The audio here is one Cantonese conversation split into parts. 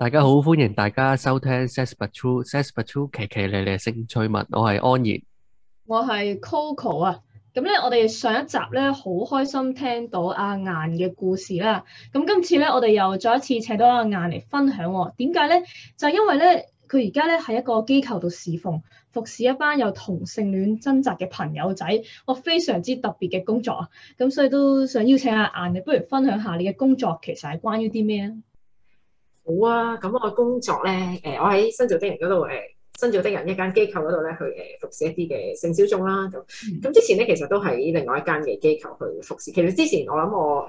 大家好，歡迎大家收聽《Says but True》Says but True 騎騎咧咧性趣物，我係安然，我係 Coco 啊。咁咧，我哋上一集咧好開心聽到阿顏嘅故事啦。咁今次咧，我哋又再一次請到阿顏嚟分享、哦。點解咧？就係、因為咧，佢而家咧喺一個機構度侍奉，服侍一班有同性戀掙扎嘅朋友仔，我非常之特別嘅工作啊。咁所以都想邀請阿、顏、你不如分享下你嘅工作，其實係關於啲咩啊？好啊，咁我工作咧，誒、呃，我喺新造的人嗰度，誒、呃，新造的人一間機構嗰度咧，去、呃、誒服侍一啲嘅性小眾啦。咁咁之前咧，其實都喺另外一間嘅機構去服侍。其實之前我諗我誒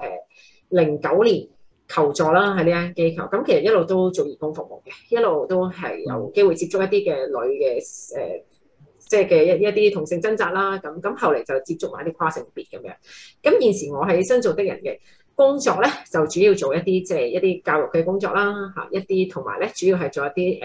零九年求助啦，喺呢間機構。咁其實一路都做義工服務嘅，一路都係有機會接觸一啲嘅女嘅誒、呃，即係嘅一一啲同性掙扎啦。咁咁後嚟就接觸埋啲跨性別咁樣。咁現時我喺新造的人嘅，工作咧就主要做一啲即係一啲教育嘅工作啦，嚇一啲同埋咧主要係做一啲誒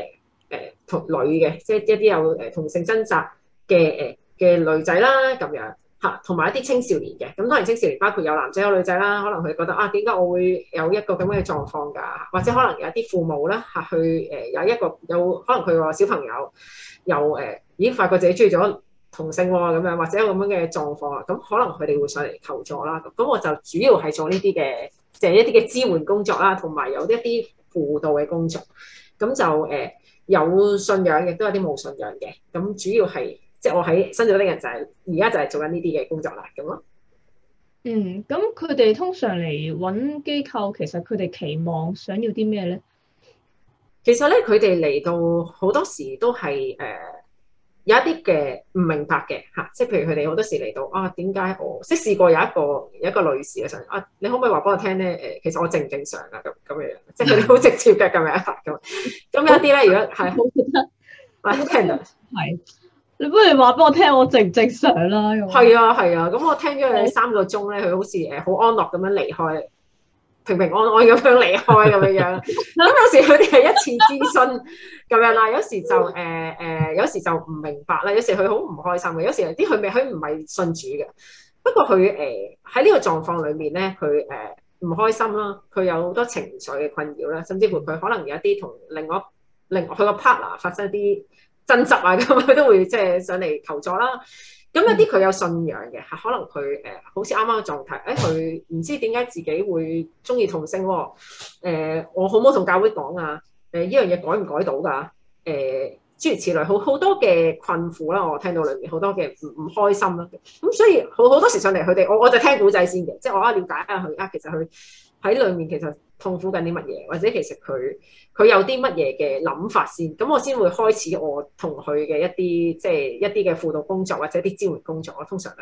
誒同女嘅，即係一啲有誒同性掙扎嘅誒嘅女仔啦咁樣嚇，同、啊、埋一啲青少年嘅，咁當然青少年包括有男仔有女仔啦，可能佢覺得啊，點解我會有一個咁樣嘅狀況㗎，或者可能有一啲父母咧嚇去誒、呃、有一個有可能佢話小朋友又誒、呃、已經發覺自己中意咗。同性喎咁樣，或者咁樣嘅狀況啊，咁可能佢哋會上嚟求助啦。咁我就主要係做呢啲嘅，即、就、係、係、一啲嘅支援工作啦，同埋有一啲輔導嘅工作。咁就誒、呃、有信仰亦都有啲冇信仰嘅。咁主要係即係我喺新潮啲人就係而家就係做緊呢啲嘅工作啦。咁咯。嗯，咁佢哋通常嚟揾機構，其實佢哋期望想要啲咩咧？其實咧，佢哋嚟到好多時都係誒。呃有一啲嘅唔明白嘅吓，即係譬如佢哋好多時嚟到啊，點解我即係試過有一個有一個女士嘅時候啊，你可唔可以話俾我聽咧？誒，其實我正唔正常啊？咁咁嘅樣，即係佢哋好直接嘅，係咪啊？咁咁有啲咧，如果係好覺得，我聽到係，你不如話俾我聽，我正唔正常啦咁。係啊係啊，咁、啊啊嗯、我聽咗佢三個鐘咧，佢、啊、好似誒好安樂咁樣離開。平平安安咁樣離開咁樣樣，咁有時佢哋係一次諮詢咁樣啦，有時就誒誒，有時就唔明白啦，有時佢好唔開心嘅，有時有啲佢未佢唔係信主嘅，不過佢誒喺呢個狀況裏面咧，佢誒唔開心啦，佢有好多情緒嘅困擾啦，甚至乎佢可能有一啲同另外另外佢個 partner 發生一啲爭執啊，咁佢都會即係上嚟求助啦。咁一啲佢有信仰嘅，嚇可能佢誒、呃、好似啱啱嘅狀態，誒佢唔知點解自己會中意同性喎、啊呃，我好唔好同教會講啊？誒呢樣嘢改唔改到噶？誒、呃、諸如此類，好好多嘅困苦啦、啊，我聽到裏面好多嘅唔唔開心啦、啊，咁所以好好多，多時上嚟佢哋，我我就聽古仔先嘅，即係我了解一下佢啊，其實佢喺裏面其實。痛苦緊啲乜嘢，或者其實佢佢有啲乜嘢嘅諗法先，咁我先會開始我同佢嘅一啲即係一啲嘅輔導工作或者啲支援工作。通常係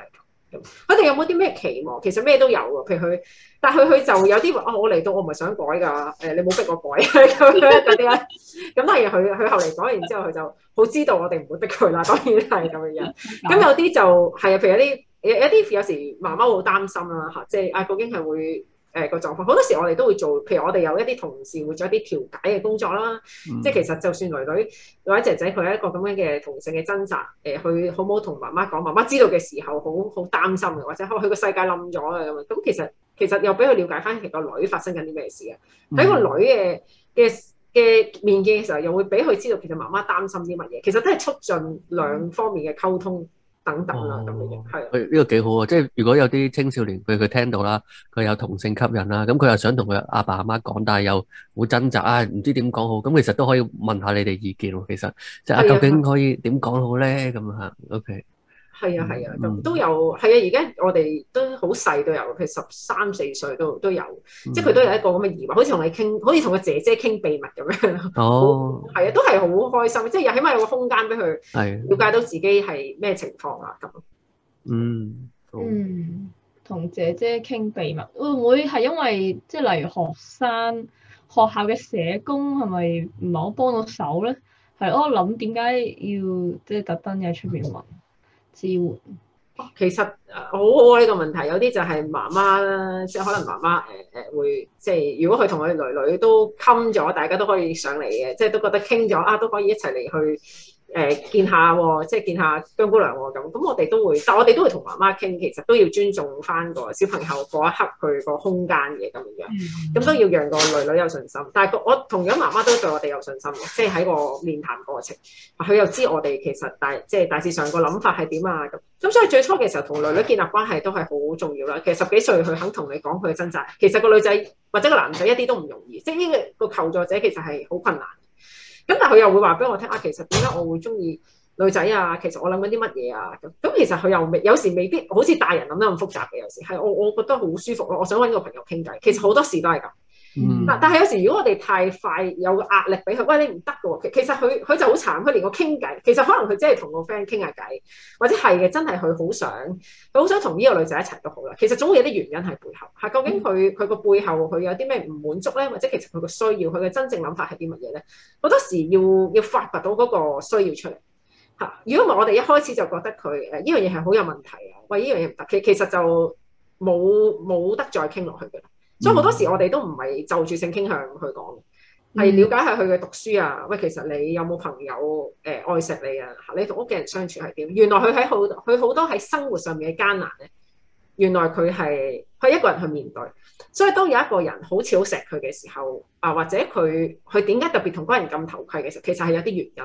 咁，佢哋有冇啲咩期望？其實咩都有噶，譬如佢，但係佢就有啲話、哦：我嚟到我唔係想改噶，誒、呃、你冇逼我改咁啲啊。咁 但係佢佢後嚟改完之後，佢就好知道我哋唔會逼佢啦。當然係咁樣樣。咁有啲就係譬如有啲有啲有時媽媽好擔心啦嚇，即係啊究竟係會。誒、欸那個狀況好多時，我哋都會做，譬如我哋有一啲同事會做一啲調解嘅工作啦。嗯、即係其實就算女女或者仔仔，佢係一個咁樣嘅同性嘅掙扎。誒、呃，佢好唔好同媽媽講，媽媽知道嘅時候好，好好擔心嘅，或者佢佢個世界冧咗嘅咁樣。咁其實其實又俾佢了解翻其實個女發生緊啲咩事嘅。喺個女嘅嘅嘅面見嘅時候，又會俾佢知道其實媽媽擔心啲乜嘢。其實都係促進兩方面嘅溝通。嗯嗯。等等啦咁嘅嘢，係佢呢個幾好啊。即係如果有啲青少年，譬如佢聽到啦，佢有同性吸引啦，咁佢又想同佢阿爸阿媽講，但係又好掙扎啊，唔知點講好？咁其實都可以問下你哋意見喎。其實即係的究竟可以點講好咧？咁啊 OK。係啊，係啊，都都有係啊。而家我哋都好細都有，佢十三四歲都都有，即係佢都有一個咁嘅疑惑，好似同你傾，好似同個姐姐傾秘密咁樣。哦，係啊，都係好開心，即係又起碼有個空間俾佢瞭解到自己係咩情況啊咁、嗯。嗯，嗯，同、嗯、姐姐傾秘密會唔會係因為即係例如學生學校嘅社工係咪唔係好幫到手咧？係我諗點解要即係特登喺出面問？嗯支援，其實、啊、好好啊呢、呢個問題，有啲就係媽媽啦，即係可能媽媽誒誒、呃、會，即係如果佢同佢女女都冚咗，大家都可以上嚟嘅，即係都覺得傾咗啊，都可以一齊嚟去。誒、呃、見下，即係見下姜姑娘咁。咁我哋都會，但我哋都會同媽媽傾，其實都要尊重翻個小朋友嗰一刻佢個空間嘅咁樣、樣。咁都要讓個女女有信心。但係、那個我同樣媽媽都對我哋有信心，即係喺個面談過程，佢、啊、又知我哋其實大即係、就是、大致上個諗法係點啊咁。咁所以最初嘅時候同女女建立關係都係好重要啦。其實十幾歲佢肯同你講佢嘅掙扎，其實個女仔或者個男仔一啲都唔容易，即係呢個個求助者其實係好困難。咁但係佢又會話俾我聽啊，其實點解我會中意女仔啊？其實我諗緊啲乜嘢啊？咁咁其實佢又未，有時未必好似大人諗得咁複雜嘅，有時係我我覺得好舒服咯。我想揾個朋友傾偈，其實好多時都係咁。嗱，嗯、但係有時如果我哋太快有個壓力俾佢，喂你唔得噶喎，其其實佢佢就好慘，佢連個傾偈，其實可能佢真係同個 friend 傾下偈，或者係嘅，真係佢好想佢好想同呢個女仔一齊都好啦。其實總會有啲原因喺背後，嚇究竟佢佢個背後佢有啲咩唔滿足咧，或者其實佢個需要，佢嘅真正諗法係啲乜嘢咧？好多時要要發掘到嗰個需要出嚟嚇，如果唔係我哋一開始就覺得佢誒呢樣嘢係好有問題啊，喂呢樣嘢唔得，其其實就冇冇得再傾落去嘅啦。嗯、所以好多時，我哋都唔係就住性傾向去講，係了解下佢嘅讀書啊。喂，其實你有冇朋友誒、呃、愛錫你啊？你同屋企人相處係點？原來佢喺好佢好多喺生活上面嘅艱難咧。原來佢係佢一個人去面對，所以當有一個人好似好錫佢嘅時候啊，或者佢佢點解特別同個人咁投契嘅時候，其實係有啲原因。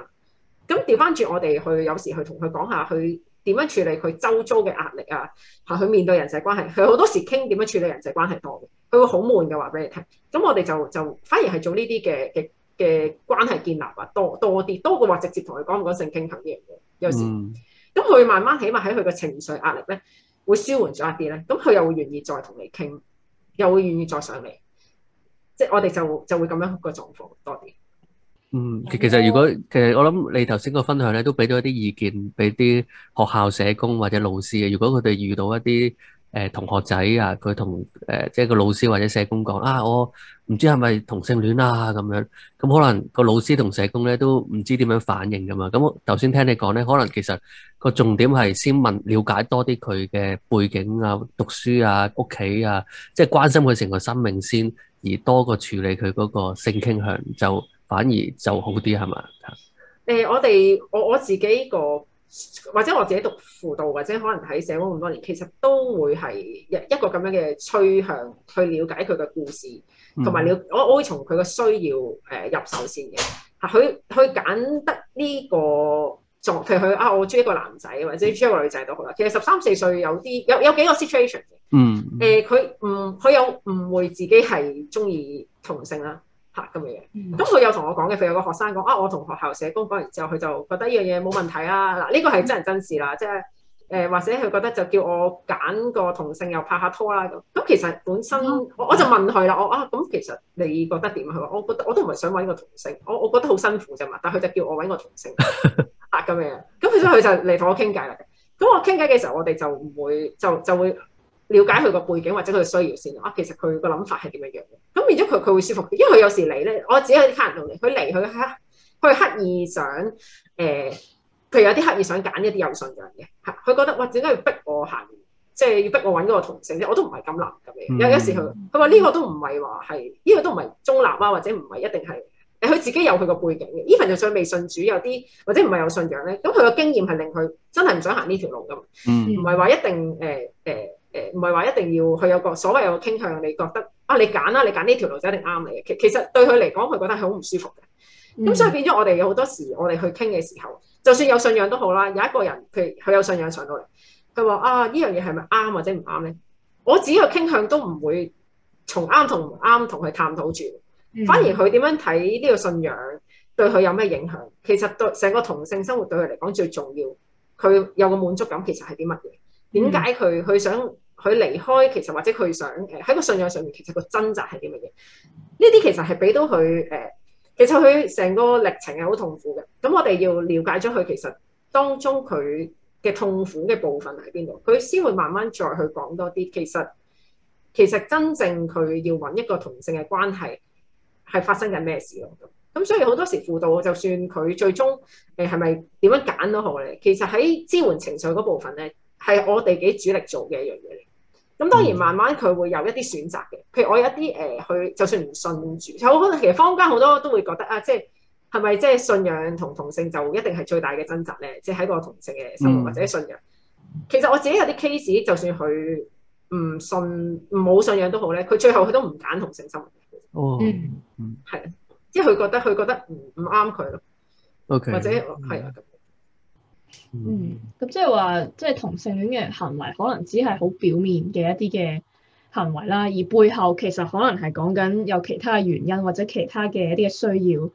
咁調翻轉，我哋去有時去同佢講下，佢點樣處理佢周遭嘅壓力啊？係、啊、佢面對人際關係，佢好多時傾點樣處理人際關係多嘅。佢會好悶嘅話俾你聽，咁我哋就就反而係做呢啲嘅嘅嘅關係建立啊，多多啲多過話直接同佢講嗰性傾向呢樣嘢，有時咁佢、嗯、慢慢起碼喺佢嘅情緒壓力咧，會舒緩咗一啲咧，咁佢又會願意再同你傾，又會願意再上嚟，即係我哋就就會咁樣個狀況多啲。嗯，其實如果其實我諗你頭先個分享咧，都俾咗一啲意見俾啲學校社工或者老師嘅，如果佢哋遇到一啲。誒，同學仔啊，佢同誒，即係個老師或者社工講啊，我唔知係咪同性戀啊，咁樣咁可能個老師同社工咧都唔知點樣反應噶嘛。咁我頭先聽你講咧，可能其實個重點係先問了解多啲佢嘅背景啊、讀書啊、屋企啊，即係關心佢成個生命先，而多過處理佢嗰個性傾向，就反而就好啲係嘛？誒、呃，我哋我我自己、這個。或者我自己讀輔導，或者可能喺社會咁多年，其實都會係一一個咁樣嘅趨向去了解佢嘅故事，同埋了我我會從佢嘅需要誒、呃、入手先嘅。佢佢揀得呢、這個，譬如佢啊，我中意一個男仔，或者中意一個女仔都好啦。其實十三四歲有啲有有幾個 situation，誒佢唔佢有誤會自己係中意同性啦。咁嘅嘢，咁佢又同我講嘅，佢有個學生講啊，我同學校社工講完之後，佢就覺得呢樣嘢冇問題啦。嗱，呢個係真人真事啦，即係誒，或者佢覺得就叫我揀個同性又拍下拖啦咁。咁其實本身我我就問佢啦，我啊，咁其實你覺得點啊？佢話我覺得我都唔係想揾個同性，我我覺得好辛苦啫嘛。但係佢就叫我揾個同性，咁樣、 啊。咁所以佢就嚟同我傾偈啦。咁我傾偈嘅時候，我哋就唔會就就會。了解佢個背景或者佢嘅需要先啊，其實佢個諗法係點樣樣嘅？咁變咗佢佢會舒服，因為佢有時嚟咧，我自己喺啲客人同嚟，佢嚟佢刻，佢刻意想譬如、呃、有啲刻意想揀一啲有信仰嘅，嚇佢覺得哇，點解要逼我行？即係要逼我揾個同性即我都唔係咁諗咁嘅。嗯、有啲時候，佢話呢個都唔係話係，呢、這個都唔係中立啊，或者唔係一定係誒，佢自己有佢個背景嘅。Even 就算未信主有啲或者唔係有信仰咧，咁佢嘅經驗係令佢真係唔想行呢條路㗎，唔係話一定誒誒。呃呃唔係話一定要佢有個所謂有個傾向，你覺得啊，你揀啦，你揀呢條路就一定啱你嘅。其其實對佢嚟講，佢覺得係好唔舒服嘅。咁所以變咗，我哋有好多時我哋去傾嘅時候，就算有信仰都好啦，有一個人譬如佢有信仰上到嚟，佢話啊呢樣嘢係咪啱或者唔啱咧？我自己嘅傾向都唔會從啱同唔啱同佢探討住，反而佢點樣睇呢個信仰對佢有咩影響？其實對成個同性生活對佢嚟講最重要，佢有個滿足感其實係啲乜嘢？點解佢佢想？佢離開，其實或者佢想誒喺、呃、個信仰上面，其實個掙扎係啲乜嘢？呢啲其實係俾到佢誒、呃，其實佢成個歷程係好痛苦嘅。咁我哋要了解咗佢，其實當中佢嘅痛苦嘅部分喺邊度？佢先會慢慢再去講多啲。其實其實真正佢要搵一個同性嘅關係，係發生緊咩事咯？咁所以好多時輔導，就算佢最終誒係咪點樣揀都好咧，其實喺支援情緒嗰部分咧，係我哋幾主力做嘅一樣嘢。咁當然慢慢佢會有一啲選擇嘅，譬如我有一啲誒佢，呃、就算唔信主，其實坊間好多都會覺得啊，即係係咪即係信仰同同性就一定係最大嘅掙扎咧？即係喺個同性嘅生活或者信仰，嗯、其實我自己有啲 case，就算佢唔信、唔冇信仰都好咧，佢最後佢都唔揀同性生活。哦，嗯，係，即係佢覺得佢覺得唔唔啱佢咯。OK，或者係。嗯，咁即係話，即係同性戀嘅行為可能只係好表面嘅一啲嘅行為啦，而背後其實可能係講緊有其他嘅原因或者其他嘅一啲嘅需要，誒、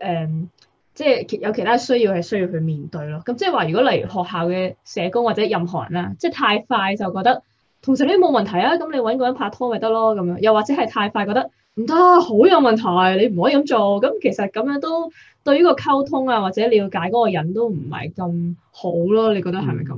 嗯，即係有其他需要係需要去面對咯。咁即係話，如果例如學校嘅社工或者任何人啦，嗯、即係太快就覺得同性戀冇問題啊，咁你搵個人拍拖咪得咯咁樣，又或者係太快覺得唔得好有問題，你唔可以咁做，咁其實咁樣都。對於呢個溝通啊，或者了解嗰個人都唔係咁好咯，你覺得係咪咁？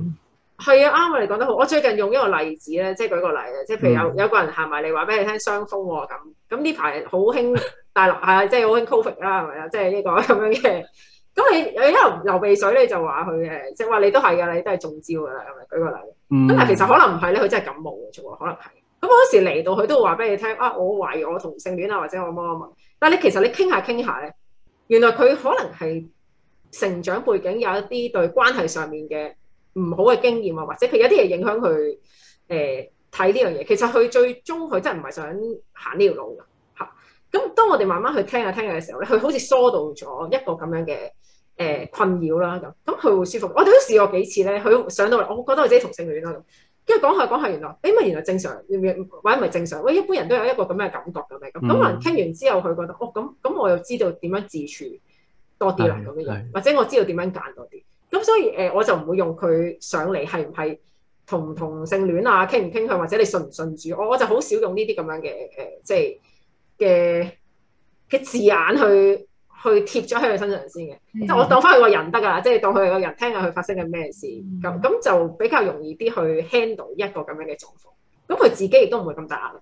係啊、嗯，啱我哋講得好。我最近用一個例子咧，即、就、係、是、舉個例啊，即係譬如有、嗯、有個人行埋嚟，話俾你聽傷風喎、啊、咁。咁呢排好興大陸係啊，即係好興 Covid 啦，係咪啊？即係呢個咁樣嘅。咁你誒一流，流鼻水你就話佢誒，即係話你都係噶，你都係中招噶啦，係咪？舉個例，咁、嗯、但其實可能唔係咧，佢真係感冒嘅啫喎，可能係。咁嗰時嚟到，佢都會話俾你聽啊，我懷疑我同性戀啊，或者我媽啊。但係你其實你傾下傾下咧。原來佢可能係成長背景有一啲對關係上面嘅唔好嘅經驗啊，或者佢有啲嘢影響佢誒睇呢樣嘢。其實佢最終佢真係唔係想行呢條路嘅嚇。咁當我哋慢慢去聽下聽下嘅時候咧，佢好似疏導咗一個咁樣嘅誒、呃、困擾啦咁。咁佢會舒服。我哋都試過幾次咧，佢上到嚟，我覺得我自己同性戀啦咁。即係講下講下，原來，哎，咪原來正常，唔唔，或者唔係正常，喂，一般人都有一個咁嘅感覺嘅咩咁。咁可能傾完之後，佢覺得，哦，咁咁，我又知道點樣自處多啲啦咁嘅嘢，或者我知道點樣揀多啲。咁所以，誒、呃，我就唔會用佢上嚟係唔係同唔同性戀啊，傾唔傾向，或者你信唔信主。我我就好少用呢啲咁樣嘅誒、呃，即係嘅嘅字眼去，去貼咗喺佢身上先嘅、嗯，即係我當翻佢個人得㗎啦，即係當佢係個人聽下佢發生緊咩事，咁咁、嗯、就比較容易啲去 handle 一個咁樣嘅狀況，咁佢自己亦都唔會咁大壓力。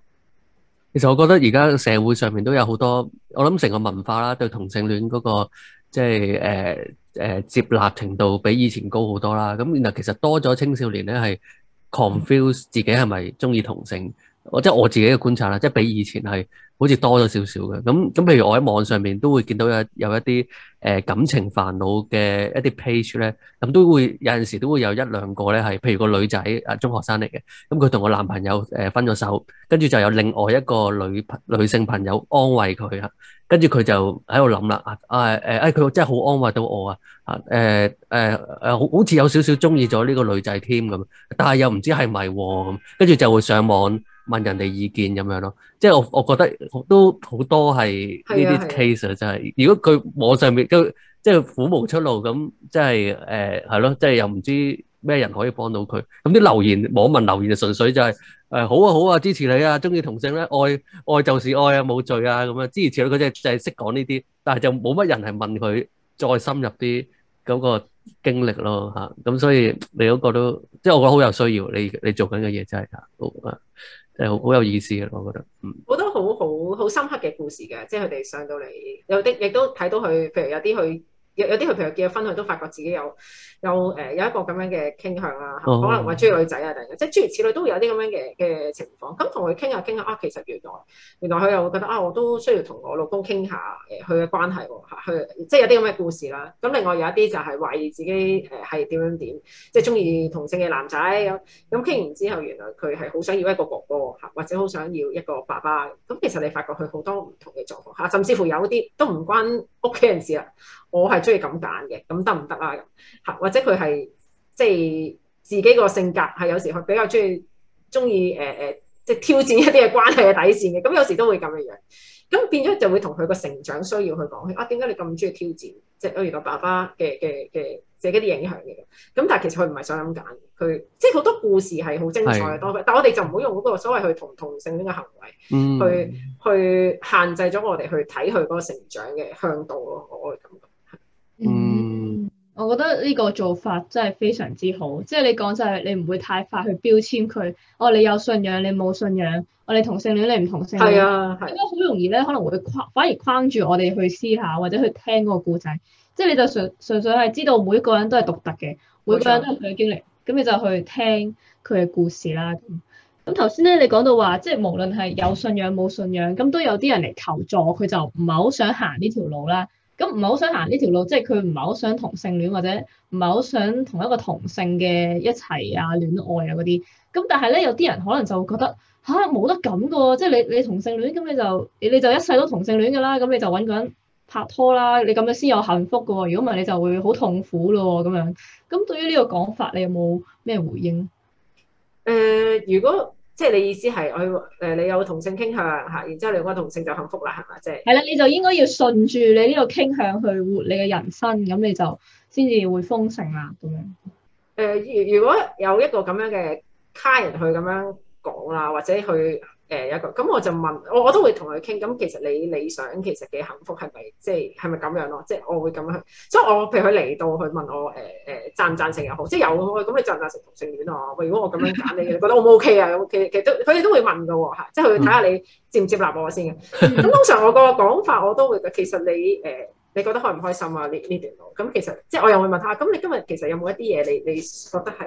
其實我覺得而家社會上面都有好多，我諗成個文化啦，對同性戀嗰、那個即係誒誒接納程度比以前高好多啦。咁然後其實多咗青少年咧係 confuse 自己係咪中意同性。我即係我自己嘅觀察啦，即係比以前係好似多咗少少嘅。咁咁，譬如我喺網上面都會見到有一有一啲誒感情煩惱嘅一啲 page 咧，咁都會有陣時都會有一兩個咧係，譬如個女仔啊中學生嚟嘅，咁佢同個男朋友誒分咗手，跟住就有另外一個女女性朋友安慰佢啊，跟住佢就喺度諗啦啊啊誒誒，佢、哎哎哎、真係好安慰到我啊啊誒誒誒，好似有少少中意咗呢個女仔添咁，但係又唔知係咪喎，跟住就會上網，問人哋意見咁樣咯，即係我我覺得都好多係呢啲 case 啊，真係、啊。如果佢網上面都即係苦無出路咁，即係誒係咯，即、呃、係、就是、又唔知咩人可以幫到佢。咁啲留言網民留言就純粹就係、是、誒、呃、好啊好啊支持你啊，中意同性咧、啊、愛愛就是愛啊，冇罪啊咁樣支持佢。佢就就係識講呢啲，但係就冇乜人係問佢再深入啲嗰個經歷咯吓。咁所以你嗰個都即係我覺得好有需要，你你做緊嘅嘢真係啊。誒，好有意思嘅，我覺得。嗯，好多好好好深刻嘅故事嘅，即係佢哋上到嚟，有啲亦都睇到佢，譬如有啲佢，有有啲佢，譬如結咗婚，佢都發覺自己有。有誒有一個咁樣嘅傾向啦，可能話中意女仔啊等等，即係諸如此類都有啲咁樣嘅嘅情況。咁同佢傾下傾下，啊其實原來原來佢又會覺得啊，我都需要同我老公傾下誒佢嘅關係喎，啊，即係有啲咁嘅故事啦。咁、啊、另外有一啲就係懷疑自己誒係點樣點，即係中意同性嘅男仔。咁、啊、傾完之後，原來佢係好想要一個哥哥嚇、啊，或者好想要一個爸爸。咁、啊、其實你發覺佢好多唔同嘅狀況嚇、啊，甚至乎有啲都唔關屋企人事啦。我係中意咁揀嘅，咁得唔得啊？嚇、啊！啊即係佢係，即係自己個性格係，有時佢比較中意中意誒誒，即係挑戰一啲嘅關係嘅底線嘅。咁有時都會咁嘅樣，咁變咗就會同佢個成長需要去講，去啊，點解你咁中意挑戰？即係譬如個爸爸嘅嘅嘅，自己啲影響嘅。咁但係其實佢唔係想咁揀，佢即係好多故事係好精彩嘅，多是，但我哋就唔好用嗰個所謂佢同同性呢個行為去、嗯、去限制咗我哋去睇佢嗰個成長嘅向度咯。我係咁諗。嗯。我覺得呢個做法真係非常之好，即係你講就係你唔會太快去標籤佢，哦，你有信仰，你冇信仰，我哋同性戀，你唔同性戀，咁樣好容易咧，可能會框反而框住我哋去思考或者去聽嗰個故仔，即係你就純純粹係知道每個人都係獨特嘅，每個人都係佢嘅經歷，咁，冇錯，你就去聽佢嘅故事啦。咁頭先咧，你講到話，即係無論係有信仰冇信仰，咁都有啲人嚟求助，佢就唔係好想行呢條路啦。咁唔係好想行呢條路，即係佢唔係好想同性戀，或者唔係好想同一個同性嘅一齊啊，戀愛啊嗰啲。咁但係咧，有啲人可能就覺得吓，冇得咁噶喎，即係你你同性戀，咁你就你就一世都同性戀噶啦，咁你就揾個人拍拖啦，你咁樣先有幸福噶喎。如果唔係你就會好痛苦咯咁樣。咁對於呢個講法，你有冇咩回應？誒、呃，如果。即係你意思係，我誒你有同性傾向嚇，然之後兩個同性就幸福啦，係嘛？即係係啦，你就應該要順住你呢個傾向去活你嘅人生，咁你就先至會豐盛啦咁樣。誒，如果有一個咁樣嘅卡人去咁樣講啦，或者去。誒，一個咁我就問我，我都會同佢傾，咁其實你理想其實幾幸福，係咪即係係咪咁樣咯，即係我會咁樣，所以我譬如佢嚟到去問我誒誒，贊贊成又好，即係有咁咁，你贊唔贊成同性戀啊？如果我咁樣揀你，你覺得 O 唔 O K 啊？咁其實其都佢哋都會問噶喎，即係去睇下你接唔接納我先嘅。咁、嗯、 通常我個講法我都會，其實你誒、呃、你覺得開唔開心啊？呢呢段路咁、嗯、其實即係我又會問下，咁、啊、你今日其實有冇一啲嘢你你，你覺得係誒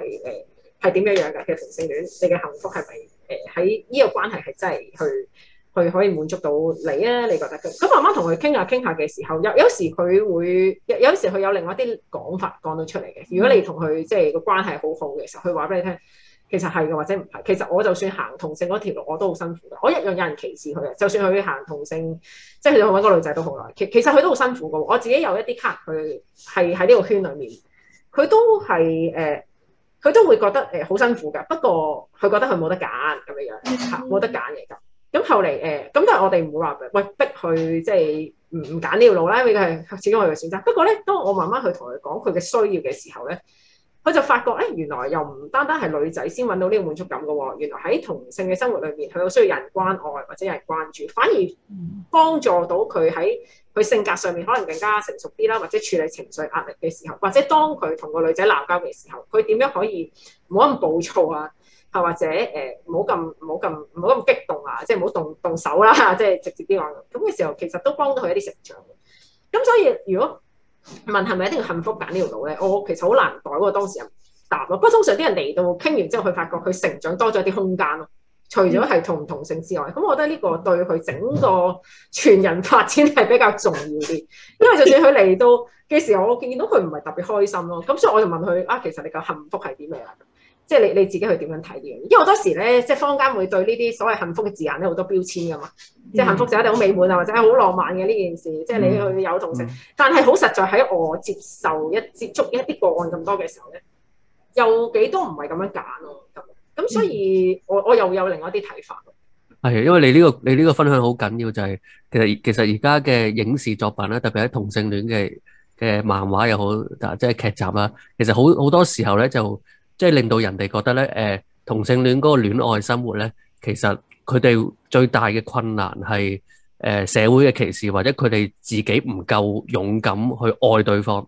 係點樣樣嘅？其實同性戀你嘅幸福係咪？係誒喺呢個關係係真係去去可以滿足到你啊！你覺得佢咁慢慢同佢傾下傾下嘅時候，有有時佢會有有時佢有另外一啲講法講到出嚟嘅。如果你同佢即係個關係好好嘅時候，佢話俾你聽，其實係嘅或者唔係。其實我就算行同性嗰條路我都好辛苦嘅，我一樣有人歧視佢呀。就算佢行同性，即係佢揾個女仔都好耐。其其實佢都好辛苦嘅。我自己有一啲卡，佢係喺呢個圈裡面，佢都係誒。呃佢都會覺得誒好、呃、辛苦㗎，不過佢覺得佢冇得揀，咁樣樣冇得揀嘢㗎。咁後嚟誒，咁、呃、但係我哋唔會話喂逼佢即係唔唔揀呢條路啦，因為始終係嘅選擇。不過咧，當我慢慢去同佢講佢嘅需要嘅時候咧。佢就發覺，誒、哎、原來又唔單單係女仔先揾到呢個滿足感㗎喎、哦。原來喺同性嘅生活裏面，佢有需要人關愛或者有人關注，反而幫助到佢喺佢性格上面可能更加成熟啲啦，或者處理情緒壓力嘅時候，或者當佢同個女仔鬧交嘅時候，佢點樣可以唔好咁暴躁啊？係或者誒，唔好咁唔好咁唔好咁激動啊！即係唔好動動手啦、啊，即係直接啲話。咁嘅時候其實都幫到佢一啲成長。咁所以如果，問係咪一定要幸福揀呢條路咧？我其實好難代嗰個當事人答咯。不過通常啲人嚟到傾完之後，佢發覺佢成長多咗啲空間咯。除咗係同唔同性之外，咁我覺得呢個對佢整個全人發展係比較重要啲。因為就算佢嚟到嘅時候，我見到佢唔係特別開心咯。咁所以我就問佢：啊，其實你嘅幸福係啲咩啊？即係你你自己去點樣睇啲嘢？因為好多時咧，即係坊間會對呢啲所謂幸福嘅字眼咧好多標籤㗎嘛。嗯、即係幸福就一定好美滿啊，或者係好浪漫嘅呢件事。即係你去有同性，嗯嗯、但係好實在喺我接受一接觸一啲個案咁多嘅時候咧，又幾多唔係咁樣揀咯。咁咁，所以我我又有另外一啲睇法。係，因為你呢、呢個你呢個分享好緊要，就係、是、其實其實而家嘅影視作品咧，特別係同性戀嘅嘅漫畫又好，即、就、係、是、劇集啦。其實好好多時候咧就。即係令到人哋覺得咧，誒同性戀嗰個戀愛生活咧，其實佢哋最大嘅困難係誒社會嘅歧視，或者佢哋自己唔夠勇敢去愛對方。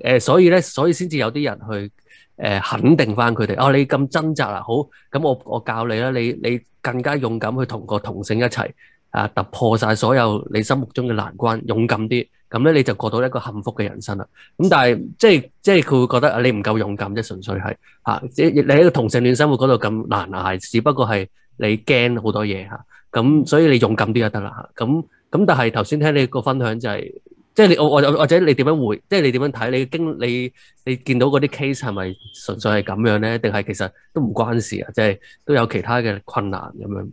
誒所以咧，所以先至有啲人去誒肯定返佢哋。哦，你咁掙扎啊，好，咁我我教你啦，你你更加勇敢去同個同性一齊啊，突破曬所有你心目中嘅難關，勇敢啲。咁咧你就過到一個幸福嘅人生啦。咁但係即係即係佢會覺得啊你唔夠勇敢，即純粹係嚇、啊。你你喺個同性戀生活嗰度咁難捱，只不過係你驚好多嘢嚇。咁、啊、所以你勇敢啲就得啦。咁、啊、咁、啊、但係頭先聽你個分享就係、是，即係你我我或者你點樣回，即係你點樣睇你經你你見到嗰啲 case 係咪純粹係咁樣咧？定係其實都唔關事啊？即係都有其他嘅困難咁樣。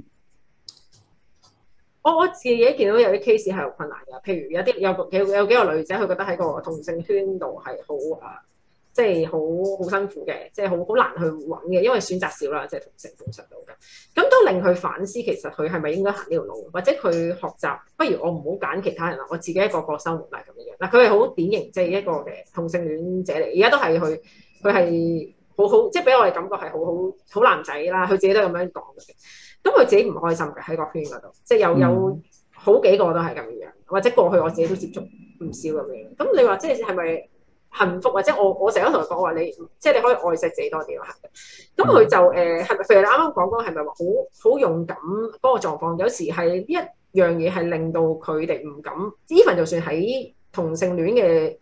我我自己見到有啲 case 係好困難嘅，譬如有啲有有有幾個女仔，佢覺得喺個同性圈度係好啊，即係好好辛苦嘅，即係好好難去揾嘅，因為選擇少啦，即係同性戀實到咁。咁都令佢反思，其實佢係咪應該行呢條路？或者佢學習，不如我唔好揀其他人啦，我自己一個個生活啦咁樣。嗱，佢係好典型，即係一個嘅同性戀者嚟。而家都係佢，佢係好好，即係俾我哋感覺係好好好男仔啦。佢自己都係咁樣講嘅。咁佢自己唔開心嘅喺個圈嗰度，即係有有好幾個都係咁樣，或者過去我自己都接觸唔少咁樣。咁你話即係係咪幸福？或者我我成日同佢講話你，即係你可以愛惜自己多啲啊！咁佢就誒係、呃、譬如你啱啱講講係咪話好好勇敢嗰個狀況？有時係呢一樣嘢係令到佢哋唔敢。Even 就算喺同性戀嘅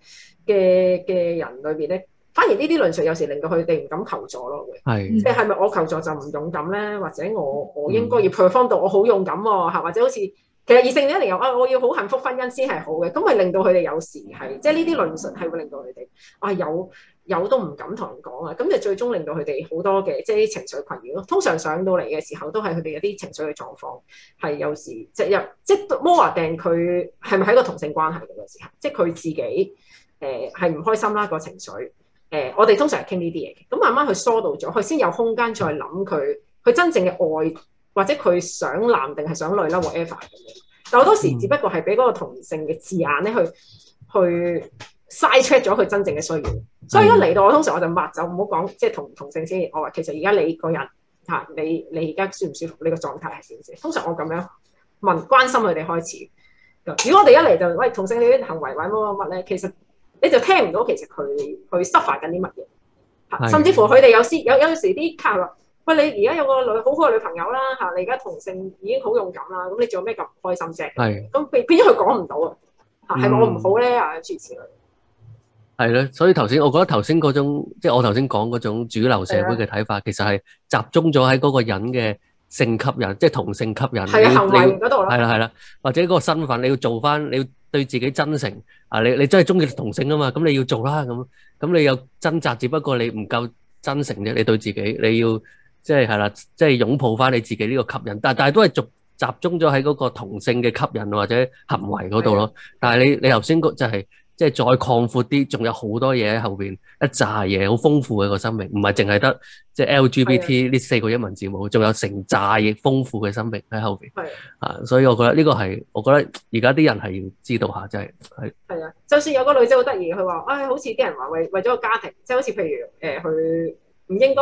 嘅嘅人裏邊咧。反而呢啲論述有時令到佢哋唔敢求助咯，會的，即係係咪我求助就唔勇敢咧？或者我我應該要 perform 到我好勇敢喎、啊？嗯、或者好似其實異性你一定有啊，我要好幸福婚姻先係好嘅，咁咪令到佢哋有時係、嗯、即係呢啲論述係會令到佢哋啊有有都唔敢同人講啊，咁就最終令到佢哋好多嘅即係啲情緒困擾咯。通常上到嚟嘅時候都係佢哋有啲情緒嘅狀況係有時即係有即係 m 佢係咪喺個同性關係嘅時候？即係佢自己誒係唔開心啦、個情緒。誒、呃，我哋通常係傾呢啲嘢嘅，咁慢慢去疏導咗，佢先有空間再諗佢，佢真正嘅愛或者佢想男定係想女啦，whatever。但係好多時只不過係俾嗰個同性嘅字眼咧、嗯，去去嘥 check 咗佢真正嘅需要。所以一嚟到我，我通常我就抹走，唔好講即係同同性先。我話其實而家你個人嚇、啊，你你而家舒唔舒服？你個狀態係點先。通常我咁樣問，關心佢哋開始。如果我哋一嚟就喂同性你啲行為喂，乜乜乜咧，其實～你就聽唔到其實佢佢 suffer 緊啲乜嘢，甚至乎佢哋有時有有時啲客話，喂，你而家有個女好好嘅女朋友啦嚇，你而家同性已經好勇敢啦，咁你做咩咁唔開心啫？係咁變變咗佢講唔到啊嚇，係咪我唔好咧啊？諸如此類。係咯，所以頭先我覺得頭先嗰種即係我頭先講嗰種主流社會嘅睇法，其實係集中咗喺嗰個人嘅性吸引，即係同性吸引你嗰度咯。係啦係啦，或者嗰個身份你要做返你要。對自己真誠啊！你你真係中意同性啊嘛，咁你要做啦咁。咁你有掙扎，只不過你唔夠真誠啫。你對自己，你要即係係啦，即係擁抱翻你自己呢個吸引。但係但係都係逐集中咗喺嗰個同性嘅吸引或者行為嗰度咯。的但係你你頭先講就係。即係再擴闊啲，仲有好多嘢喺後邊一揸嘢好豐富嘅個生命，唔係淨係得即係 LGBT 呢四個英文字母，仲有成揸嘢豐富嘅生命喺後邊。係啊，所以我覺得呢個係我覺得而家啲人係要知道下，真係係係啊。就算有個女仔好得意，佢話：唉，好似啲人話為為咗個家庭，即係好似譬如誒佢唔應該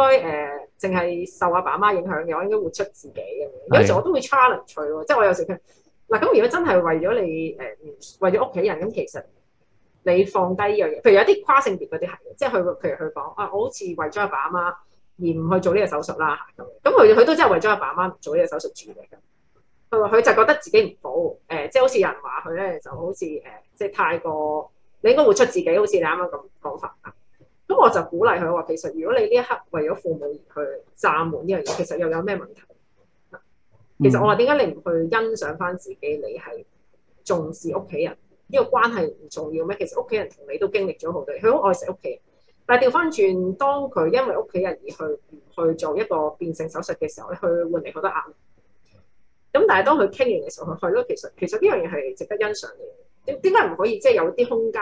誒，淨係受阿爸阿媽影響嘅，我應該活出自己咁樣。因為我都會 challenge 喎，即係我有時佢嗱咁，如果真係為咗你誒，為咗屋企人咁，其實。你放低呢樣嘢，譬如有啲跨性別嗰啲係即係佢譬如佢講啊，我好似為咗阿爸阿媽而唔去做呢個手術啦，咁佢佢都真係為咗阿爸阿媽唔做呢個手術做嘢嘅，佢話佢就覺得自己唔好，誒、呃，即係好似有人話佢咧，就好似誒、呃，即係太過，你應該活出自己，好似你啱啱咁講法啊。咁我就鼓勵佢話，其實如果你呢一刻為咗父母而去暫緩呢樣嘢，其實又有咩問題？嗯、其實我話點解你唔去欣賞返自己，你係重視屋企人？呢個關係唔重要咩？其實屋企人同你都經歷咗好多，佢好愛惜屋企人。但係調翻轉，當佢因為屋企人而去去做一個變性手術嘅時候咧，佢換嚟好多壓力。咁但係當佢傾完嘅時候，係咯，其實其實呢樣嘢係值得欣賞嘅。點點解唔可以即係、就是、有啲空間，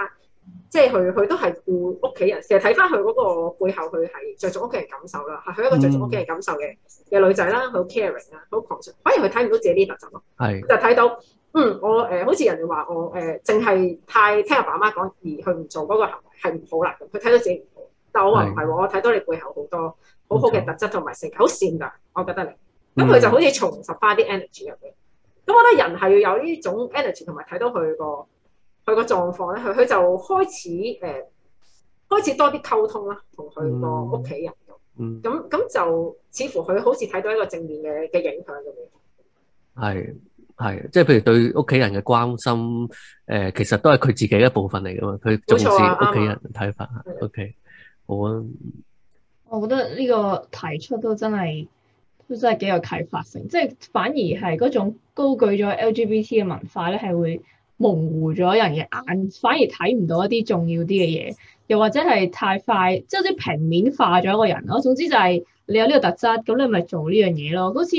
即係佢佢都係顧屋企人。其實睇翻佢嗰個背後，佢係著重屋企人感受啦，係佢一個著重屋企人感受嘅嘅女仔啦，佢好 caring 啊，好狂想。反而佢睇唔到自己啲特質咯，的就睇到。嗯，我誒、呃、好似人哋話我誒，淨、呃、係太聽阿爸阿媽講而去唔做嗰個行為係唔好啦。佢睇到自己唔好，但我的我唔係話我睇到你背後好多好好嘅特質同埋性格，好、嗯、善良。我覺得你。咁佢就好似重拾翻啲 energy 入邊。咁、嗯、我覺得人係要有呢種 energy 同埋睇到佢個佢個狀況咧，佢佢就開始誒、呃、開始多啲溝通啦，同佢個屋企人咁。咁咁、嗯、就似乎佢好似睇到一個正面嘅嘅影響咁樣。係的。嗯係，即係譬如對屋企人嘅關心，誒、呃，其實都係佢自己一部分嚟噶嘛。佢重視屋企人睇法。OK，好啊。好吧，我覺得呢個提出都真係都真係幾有啟發性，即係反而係嗰種高舉咗 LGBT 嘅文化咧，係會模糊咗人嘅眼，反而睇唔到一啲重要啲嘅嘢，又或者係太快，即係啲平面化咗一個人咯。總之就係你有呢個特質，咁你咪做呢樣嘢咯，好似。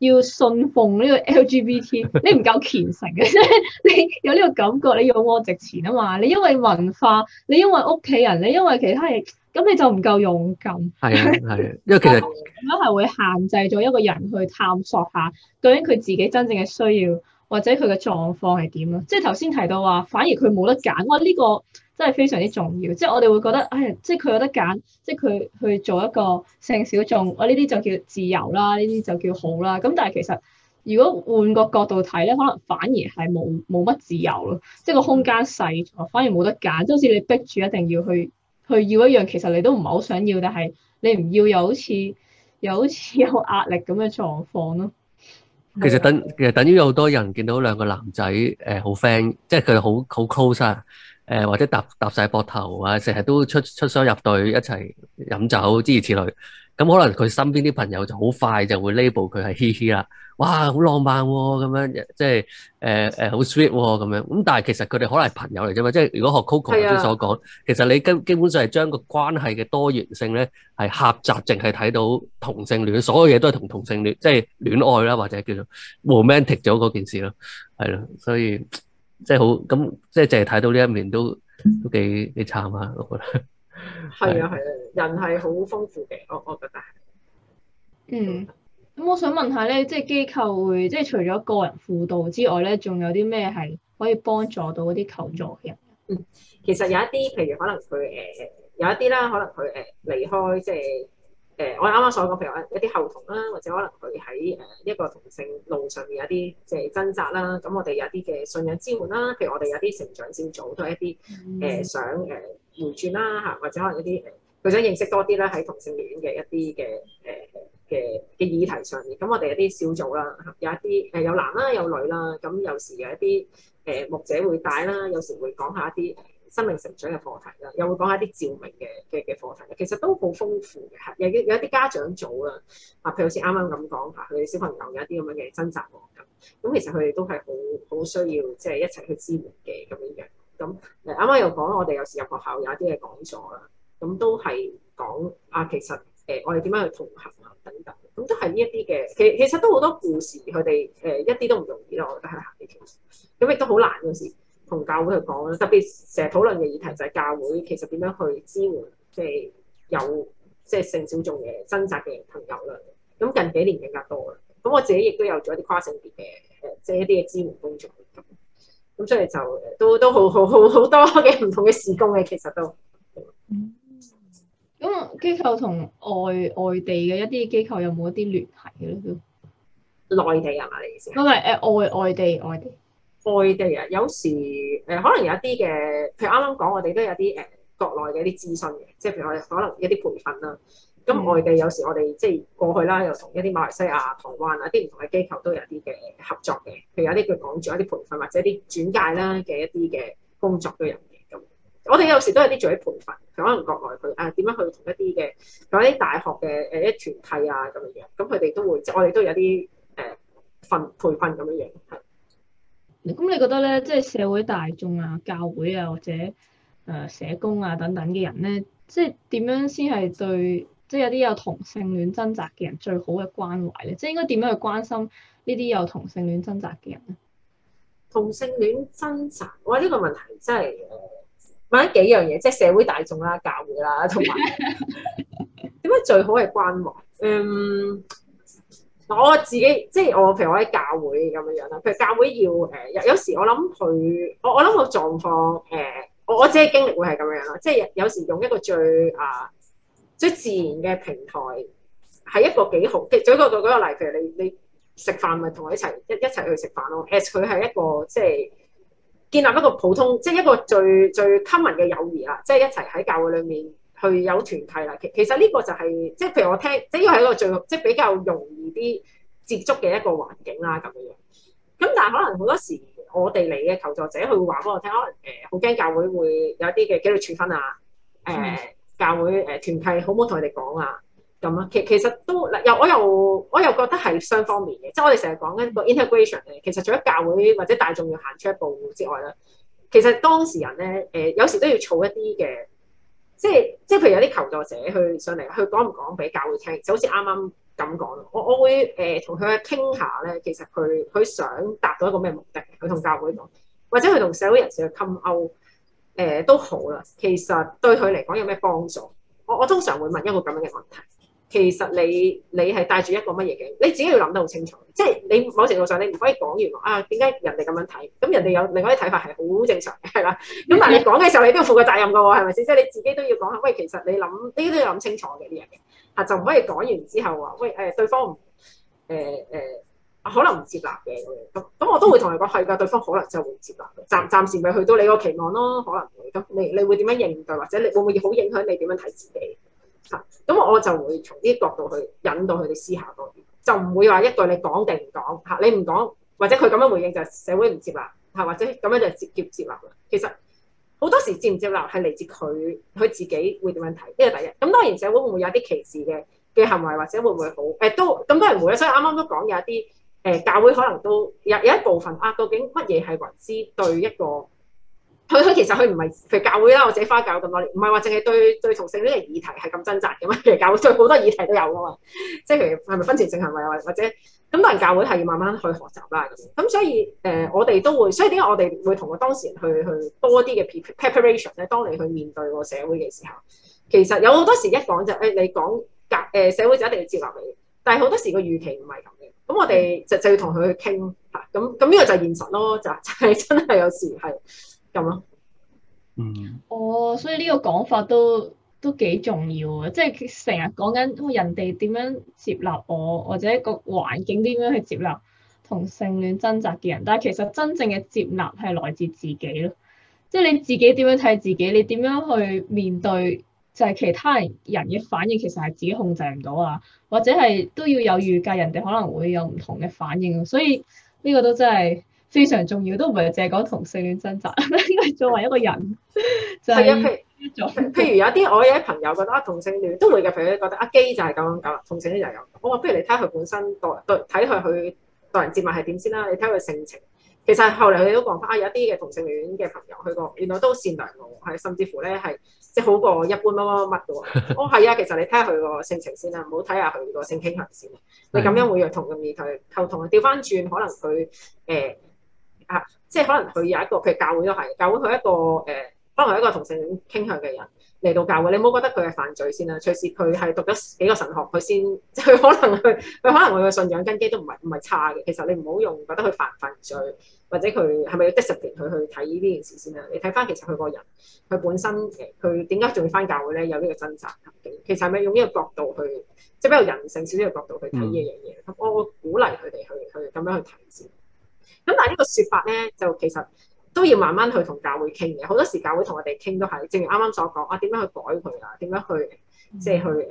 要信奉呢個 LGBT，你唔夠虔誠嘅。 你有呢個感覺，你有我值錢啊嘛？你因為文化，你因為屋企人，你因為其他人，咁你，你就唔夠勇敢。係 啊，因為其實咁樣係會限制咗一個人去探索下究竟佢自己真正嘅需要或者佢嘅狀況係點咯。即係頭先提到話，反而佢冇得揀，我呢、呢個。都係非常之重要，即係我哋會覺得，哎，即係佢有得揀，即係佢去做一個性小眾，我呢啲就叫自由啦，呢啲就叫好啦。咁但係其實如果換個角度睇咧，可能反而係冇冇乜自由咯，即係個空間細，反而冇得揀。即好似你逼住一定要去去要一樣，其實你都唔係好想要，但係你唔要又好似又好似有壓力咁嘅狀況咯。其實等其實等於有好多人見到兩個男仔誒好 friend，即係佢哋好好 close 啊。誒或者搭搭曬膊頭啊，成日都出出雙入對一齊飲酒諸如此類，咁可能佢身邊啲朋友就好快就會 label 佢係嘻嘻 he 啦，哇好浪漫喎、啊、咁樣，即係誒誒好 sweet 喎咁樣，咁但係其實佢哋可能係朋友嚟啫嘛，即係如果學 Coco 頭先所講，的其實你根基本上係將個關係嘅多元性咧係狹窄，淨係睇到同性戀，所有嘢都係同同性戀，即係戀愛啦或者叫做 romantic 咗嗰件事咯，係咯，所以。即係好咁，即係淨係睇到呢一面都都幾、嗯、幾慘啊！我覺得係啊係啊，人係好豐富嘅，我我覺得嗯。咁我想問下咧，即係機構會即係除咗個人輔導之外咧，仲有啲咩係可以幫助到嗰啲求助嘅人？嗯，其實有一啲，譬如可能佢誒有一啲啦，可能佢誒離開即係。誒、呃，我啱啱所講，譬如一啲後童啦，或者可能佢喺誒一個同性路上面有啲即係掙扎啦，咁我哋有啲嘅信仰支援啦，譬如我哋有啲成長小組，都係一啲誒、呃、想誒迴轉啦嚇，或者可能一啲誒佢想認識多啲啦喺同性戀嘅一啲嘅誒嘅嘅議題上面，咁我哋有啲小組啦、呃、有一啲誒、呃、有男啦有女啦，咁有時有一啲誒牧者會帶啦，有時會講下一啲。生命成長嘅課題啦，又會講一啲照明嘅嘅嘅課題啦，其實都好豐富嘅，有有啲家長組啦，啊，譬如好似啱啱咁講吓，佢哋小朋友有一啲咁樣嘅掙扎喎咁，咁其實佢哋都係好好需要即係一齊去支援嘅咁樣樣，咁誒啱啱又講我哋有時入學校有一啲嘢講咗啦，咁都係講啊，其實誒我哋點樣去同行啊等等，咁都係呢一啲嘅，其其實都好多故事，佢哋誒一啲都唔容易咯，我覺得係，咁亦都好難嘅事。同教會去講啦，特別成日討論嘅議題就係教會其實點樣去支援即係、就是、有即係、就是、性小眾嘅掙扎嘅朋友啦。咁近幾年比加多啦。咁我自己亦都有做一啲跨性別嘅即係一啲嘅支援工作。咁所以就都都好好好好多嘅唔同嘅事工嘅，其實都。咁機、嗯、構同外外地嘅一啲機構有冇一啲聯繫嘅咧？內地人啊嘛，你意思？都係誒外外地外地。外地外地啊，有時誒、呃、可能有一啲嘅，譬如啱啱講，我哋都有啲誒、呃、國內嘅一啲諮詢嘅，即係譬如我哋可能一啲培訓啦。咁外地有時我哋即係過去啦，又同一啲馬來西亞、台灣啊啲唔同嘅機構都有啲嘅合作嘅。譬如有一啲佢講住一啲培訓或者啲轉介啦嘅一啲嘅工作都有嘅。咁我哋有時都係啲做啲培訓，可能國內佢誒點樣去同一啲嘅一啲大學嘅誒、呃、一團體啊咁樣樣，咁佢哋都會即我哋都有啲誒訓培訓咁樣樣係。咁你覺得咧，即係社會大眾啊、教會啊或者誒社工啊等等嘅人咧，即係點樣先係對，即係有啲有同性戀掙扎嘅人最好嘅關懷咧？即係應該點樣去關心呢啲有同性戀掙扎嘅人咧？同性戀掙扎，哇！呢、這個問題真係問一幾樣嘢，即係社會大眾啦、教會啦，同埋點解最好係關懷？嗯。.我自己即係我，譬如我喺教會咁樣樣啦。譬如教會要誒有、呃、有時我，我諗佢，我我諗個狀況誒，我我自己經歷會係咁樣啦。即係有時用一個最啊，即、呃、係自然嘅平台，係一個幾好嘅。舉個個嗰個例，譬如你你食飯咪同佢一齊一一齊去食飯咯。佢係一個，一一一、呃、一個即係建立一個普通，即係一個最最 common 嘅友誼啊！即係一齊喺教會裡面。去有團契啦，其其實呢個就係即係譬如我聽，即係呢個係一個最即係比較容易啲接觸嘅一個環境啦，咁樣。咁但係可能好多時我哋嚟嘅求助者，佢會話俾我聽，可能誒好驚教會會有啲嘅紀律處分啊，誒、呃、教會誒、呃、團契好唔好同佢哋講啊，咁啊。其實其實都嗱，又我又我又覺得係雙方面嘅，即係我哋成日講緊個 integration 嘅，其實除咗教會或者大眾要行出一步之外啦，其實當事人咧誒、呃、有時都要做一啲嘅。即係即係，譬如有啲求助者去上嚟，佢講唔講俾教會聽？就好似啱啱咁講，我我會誒同佢傾下咧。其實佢佢想達到一個咩目的？佢同教會講，或者佢同社會人士去溝勾、呃，誒都好啦。其實對佢嚟講有咩幫助？我我通常會問一個咁樣嘅問題。其實你你係帶住一個乜嘢嘅？你自己要諗得好清楚，即係你某程度上你唔可以講完話啊，點解人哋咁樣睇？咁人哋有另外啲睇法係好正常嘅，係啦。咁但係你講嘅時候你都要負個責任㗎喎，係咪先？即係你自己都要講下，喂，其實你諗呢啲都要諗清楚嘅啲嘢嘅，嚇、啊、就唔可以講完之後話，喂誒、呃、對方誒誒、呃呃、可能唔接納嘅咁咁，我都會同你講係㗎，對方可能就會接納，暫暫時咪去到你個期望咯，可能會咁，你你會點樣應對，或者你會唔會好影響你點樣睇自己？嚇，咁、啊、我就會從呢啲角度去引導佢哋思考多啲，就唔會話一句你講定唔講嚇，你唔講或者佢咁樣回應就係社會唔接納，嚇、啊、或者咁樣就接接唔接納啦。其實好多時接唔接納係嚟自佢佢自己會點樣睇。呢個第一咁、啊、當然社會會唔會有啲歧視嘅嘅行為，或者會唔會好誒、啊、都咁多人會啊。所以啱啱都講有一啲誒、呃、教會可能都有有一部分啊，究竟乜嘢係為之對一個？佢其實佢唔係譬如教會啦，或者花教咁多年，唔係話淨係對對同性戀嘅議題係咁掙扎嘅嘛。其實教會對好多議題都有嘅嘛，即係譬如係咪婚前性行為或者咁多人教會係要慢慢去學習啦。咁所以誒、呃，我哋都會，所以點解我哋會同個當事人去去多啲嘅 preparation 咧？當你去面對個社會嘅時候，其實有好多時一講就誒、是哎，你講教社會就一定要接受你，但係好多時個預期唔係咁嘅。咁我哋就就要同佢去傾嚇，咁咁呢個就係現實咯，就係真係有時係。咁咯，哦，所以呢個講法都都幾重要啊。即係成日講緊人哋點樣接納我，或者個環境點樣去接納同性戀掙扎嘅人，但係其實真正嘅接納係來自自己咯，即係你自己點樣睇自己，你點樣去面對，就係其他人人嘅反應其實係自己控制唔到啊，或者係都要有預計人哋可能會有唔同嘅反應，所以呢個都真係非常重要，都唔係淨係講同性戀掙扎，因為作為一個人， 就係譬如，譬如有啲我有啲朋友覺得同性戀都會嘅，譬如覺得阿、啊、基就係咁樣搞，同性戀就係咁。我話不如你睇下佢本身代代睇佢佢待人接物係點先啦，你睇下佢性情。其實後嚟佢哋都講翻啊，有啲嘅同性戀嘅朋友，佢個原來都善良喎，甚至乎咧係即係好過一般乜乜乜乜嘅喎。哦係啊，其實你睇下佢個性情先啦，唔好睇下佢個性傾向先 你咁樣會弱同咁易溝溝通。調翻轉可能佢誒。呃啊、即係可能佢有一個，佢教會都係教會，佢一個誒、呃，可能係一個同性傾向嘅人嚟到教會，你唔好覺得佢係犯罪先啦。隨時佢係讀咗幾個神學，佢先，即係可能佢，佢可能佢嘅信仰根基都唔係唔係差嘅。其實你唔好用覺得佢犯犯罪，或者佢係咪要 discipline 佢去睇呢件事先啦。你睇翻其實佢個人，佢本身佢點解仲要翻教會咧？有呢個掙扎其實係咪用呢個角度去，即係比較人性少少嘅角度去睇呢樣嘢？嗯、我鼓勵佢哋去去咁樣去睇先。咁但係呢個説法咧，就其實都要慢慢去同教會傾嘅。好多時教會同我哋傾都係，正如啱啱所講，啊，點樣去改佢啊？點樣去即係、就是、去誒？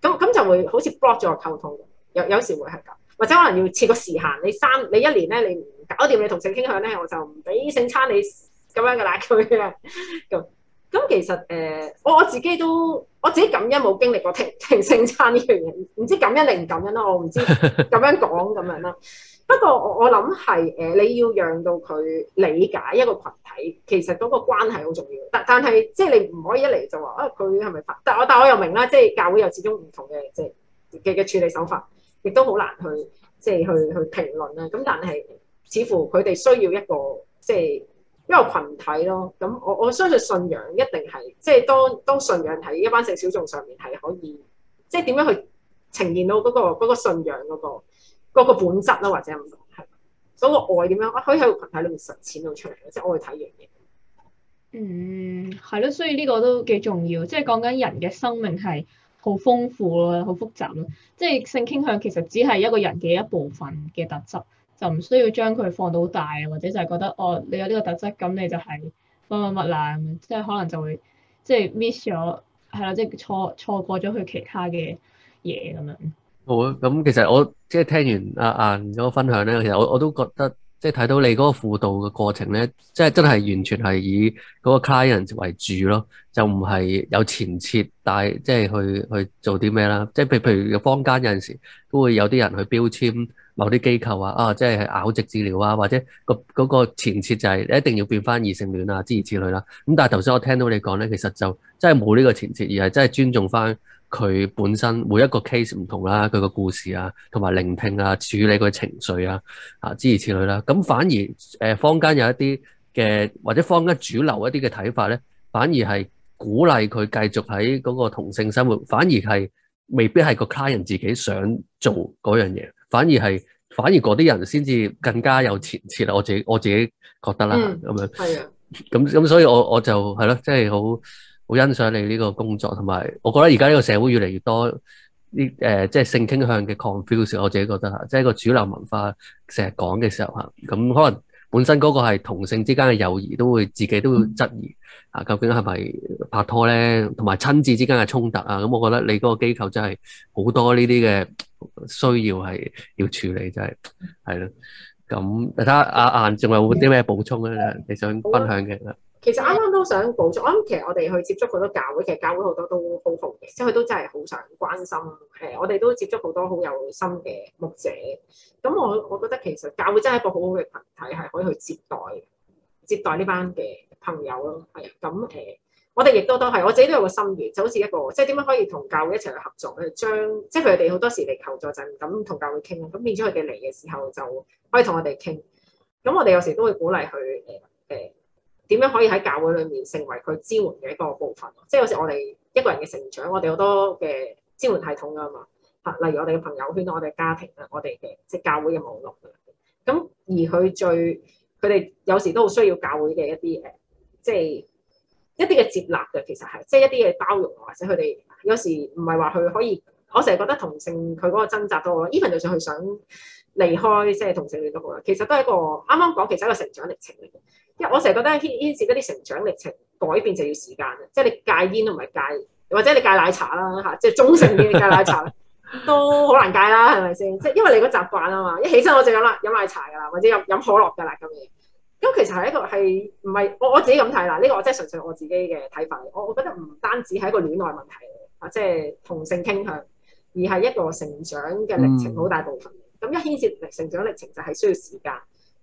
咁、呃、咁就會好似 block 咗個溝通。有有時會係咁，或者可能要設個時限。你三你一年咧，你唔搞掂你同性傾向咧，我就唔俾聖餐你，咁樣嘅奶佢嘅。咁咁 其實誒、呃，我我自己都我自己咁樣冇經歷過停停聖餐呢樣嘢，唔知咁樣定唔咁樣啦。我唔知咁樣講咁樣啦。 不過我我諗係誒，你要讓到佢理解一個群體，其實嗰個關係好重要。但但係即係你唔可以一嚟就話啊，佢係咪發？但我但我又明啦，即係教會又始終唔同嘅即係嘅嘅處理手法，亦都好難去即係去去評論啦。咁但係似乎佢哋需要一個即係一個群體咯。咁我我相信信仰一定係即係當當信仰喺一班性小眾上面係可以，即係點樣去呈現到嗰個嗰個信仰嗰個。嗰個本質啦，或者咁講，所以個愛點樣，可以喺個群體裏面實踐到出嚟，即係我去睇樣嘢。就是、嗯，係咯，所以呢個都幾重要，即係講緊人嘅生命係好豐富咯，好複雜咯，即、就、係、是、性傾向其實只係一個人嘅一部分嘅特質，就唔需要將佢放到大，或者就係覺得哦，你有呢個特質，咁你就係乜乜乜啦咁，即係可能就會即係 miss 咗，係、就、啦、是，即係、就是、錯錯過咗佢其他嘅嘢咁樣。好啊！咁其實我即係聽完阿晏嗰個分享咧，其實我、啊啊那個、其實我，我都覺得即係睇到你嗰個輔導嘅過程咧，即係真係完全係以嗰個 client 為主咯，就唔係有前設，但係即係去去做啲咩啦。即係譬譬如坊間有陣時都會有啲人去標籤某啲機構啊，啊即係拗直治療啊，或者個嗰個前設就係你一定要變翻異性戀啊之類之類啦。咁但係頭先我聽到你講咧，其實就真係冇呢個前設，而係真係尊重翻。佢本身每一個 case 唔同啦，佢個故事啊，同埋聆聽啊，處理佢情緒啊，之啊，諸如此類啦。咁反而誒坊間有一啲嘅，或者坊間主流一啲嘅睇法咧，反而係鼓勵佢繼續喺嗰個同性生活，反而係未必係個 client 自己想做嗰樣嘢，反而係反而嗰啲人先至更加有前設啦。我自己我自己覺得啦，咁、嗯、樣。係啊的。咁咁，所以我我就係咯，即係好。好欣賞你呢個工作，同埋我覺得而家呢個社會越嚟越多呢誒、呃，即係性傾向嘅 confuse。我自己覺得吓，即係個主流文化成日講嘅時候吓，咁、啊、可能本身嗰個係同性之間嘅友誼，都會自己都會質疑啊，究竟係咪拍拖咧？同埋親子之間嘅衝突啊，咁我覺得你嗰個機構真係好多呢啲嘅需要係要處理，真係係咯。咁睇下阿晏仲有冇啲咩補充咧？你想分享嘅？其實啱啱都想補充，我諗其實我哋去接觸好多教會，其實教會好多都好好嘅，即係佢都真係好想關心誒，我哋都接觸好多好有心嘅牧者，咁我我覺得其實教會真係一個好好嘅群體，係可以去接待接待呢班嘅朋友咯，係啊，咁誒、呃，我哋亦都都係我自己都有個心願，就好似一個即係點樣可以同教會一齊去合作去將，即係佢哋好多時嚟求助陣咁同教會傾，咁變咗佢哋嚟嘅時候就可以同我哋傾，咁我哋有時都會鼓勵佢誒誒。呃呃呃點樣可以喺教會裏面成為佢支援嘅一個部分？即係有時我哋一個人嘅成長，我哋好多嘅支援系統㗎嘛吓，例如我哋嘅朋友圈、我哋嘅家庭啊、我哋嘅即係教會嘅網絡。咁而佢最佢哋有時都好需要教會嘅一啲嘢，即係一啲嘅接納嘅，其實係即係一啲嘅包容，或者佢哋有時唔係話佢可以，我成日覺得同性佢嗰個掙扎多，even 就算佢想離開，即係同性戀都好啦，其實都係一個啱啱講，剛剛其實一個成長歷程嚟。因為我成日覺得牽牽涉嗰啲成長歷程改變就要時間嘅，即係你戒煙同埋戒，或者你戒奶茶啦嚇，即係中性嘅戒奶茶 都好難戒啦，係咪先？即係因為你個習慣啊嘛，一起身我就飲啦飲奶茶㗎啦，或者飲飲可樂㗎啦咁嘅。咁其實係一個係唔係我我自己咁睇啦？呢個我真係純粹我自己嘅睇法。我我覺得唔單止係一個戀愛問題啊，即係同性傾向，而係一個成長嘅歷程好大部分。咁、嗯、一牽涉成長歷程就係需要時間，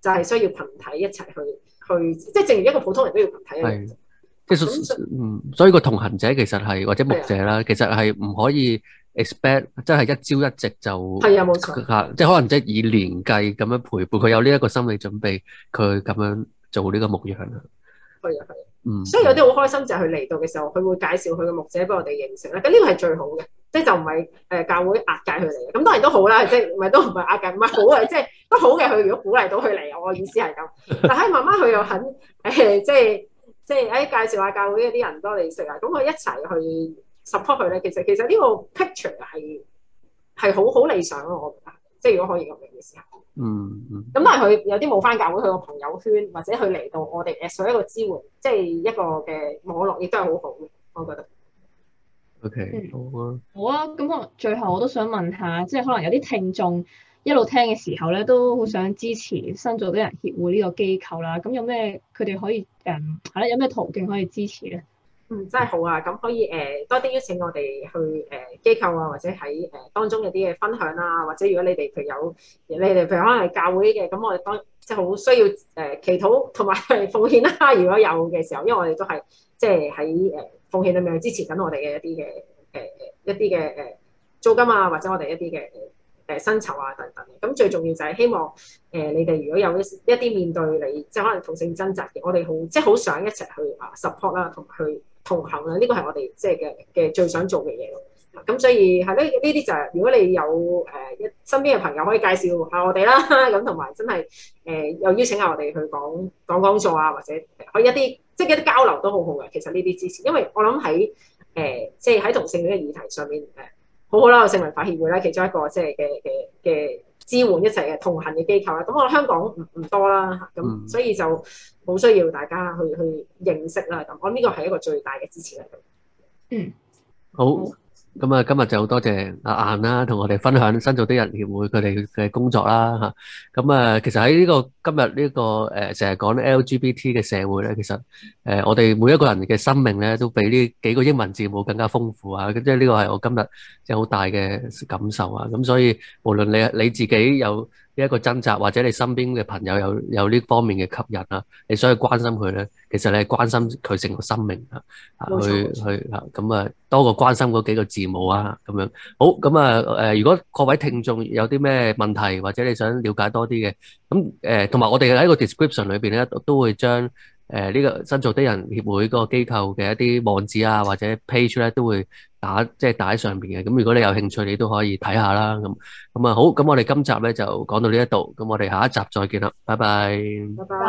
就係需要群體一齊去。去即係正如一個普通人都要睇嘅，即係是，嗯那，所以個同行者其實係或者牧者啦，的其實係唔可以 expect 即係一朝一夕就係啊，冇錯吓，即係可能即係以年計咁樣陪伴佢，有呢一個心理準備，佢咁樣做呢個牧養啊。係啊，係啊。嗯，所以有啲好開心就係佢嚟到嘅時候，佢會介紹佢嘅牧者俾我哋認識啦。咁呢個係最好嘅，即係就唔係誒教會壓解佢嚟嘅。咁當然都好啦，即係唔係都唔係壓解，唔係好啊，即係都好嘅。佢如果鼓勵到佢嚟，我嘅意思係咁。但係慢慢佢又肯誒、哎，即係即係誒介紹下教會一啲人多認識啊，咁佢一齊去 support 佢咧。其實其實呢個 picture 係係好好理想咯，我覺得。即係如果可以咁樣嘅時候，嗯，咁都係佢有啲冇返教會，去個朋友圈或者佢嚟到我哋 a p s 一個支援，即係一個嘅網絡，亦都係好好嘅，我覺得。O、okay, K，好、嗯、好啊，好啊，咁可能最後我都想問下，即、就、係、是、可能有啲聽眾一路聽嘅時候咧，都好想支持新造啲人協會呢個機構啦。咁有咩佢哋可以誒、係、嗯、啦、啊，有咩途徑可以支持咧？嗯，真係好啊！咁可以誒、呃、多啲邀請我哋去誒機構啊，或者喺誒、呃、當中有啲嘅分享啊，或者如果你哋譬如有，你哋譬如可能係教會嘅，咁我哋當即係好需要誒、呃、祈禱同埋奉獻啦、啊。如果有嘅時候，因為我哋都係即係喺誒奉獻裏面去支持緊我哋嘅一啲嘅誒一啲嘅誒租金啊，或者我哋一啲嘅誒薪酬啊等等。咁最重要就係希望誒、呃、你哋如果有一啲面對你即係可能同性掙扎嘅，我哋好即係好想一齊去啊 support 啦，同去。同行啦，呢個係我哋即係嘅嘅最想做嘅嘢咯。咁所以係呢呢啲就係、是、如果你有誒一身邊嘅朋友可以介紹下我哋啦，咁同埋真係誒、呃、又邀請下我哋去講講講座啊，或者可以一啲即係一啲交流都好好嘅。其實呢啲支持，因為我諗喺誒即係喺同性戀嘅議題上面誒，好好啦，性文化協會啦，其中一個即係嘅嘅嘅。支援一齊嘅同行嘅機構啦，咁我香港唔唔多啦，咁所以就好需要大家去、嗯、去認識啦。咁我呢個係一個最大嘅支持嚟。嗯，好。咁啊，今日就多謝阿晏啦，同我哋分享新造的人協會佢哋嘅工作啦，吓。咁啊，其實喺呢個今日呢個誒，成日講 LGBT 嘅社會咧，其實誒，我哋每一個人嘅生命咧，都比呢幾個英文字母更加豐富啊。咁即係呢個係我今日有好大嘅感受啊。咁所以無論你你自己有。呢一個掙扎，或者你身邊嘅朋友有有呢方面嘅吸引啊，你想去關心佢咧，其實你係關心佢成個生命啊，去去啊，咁啊多過關心嗰幾個字母啊，咁樣好，咁啊誒，如果各位聽眾有啲咩問題，或者你想了解多啲嘅，咁誒，同埋我哋喺個 description 裏邊咧，都會將誒呢個新造的人協會個機構嘅一啲網址啊或者 page 咧，都會。打即係打喺上面嘅，咁如果你有興趣，你都可以睇下啦。咁咁啊，好，咁我哋今集呢就講到呢一度，咁我哋下一集再見啦，拜拜。拜拜。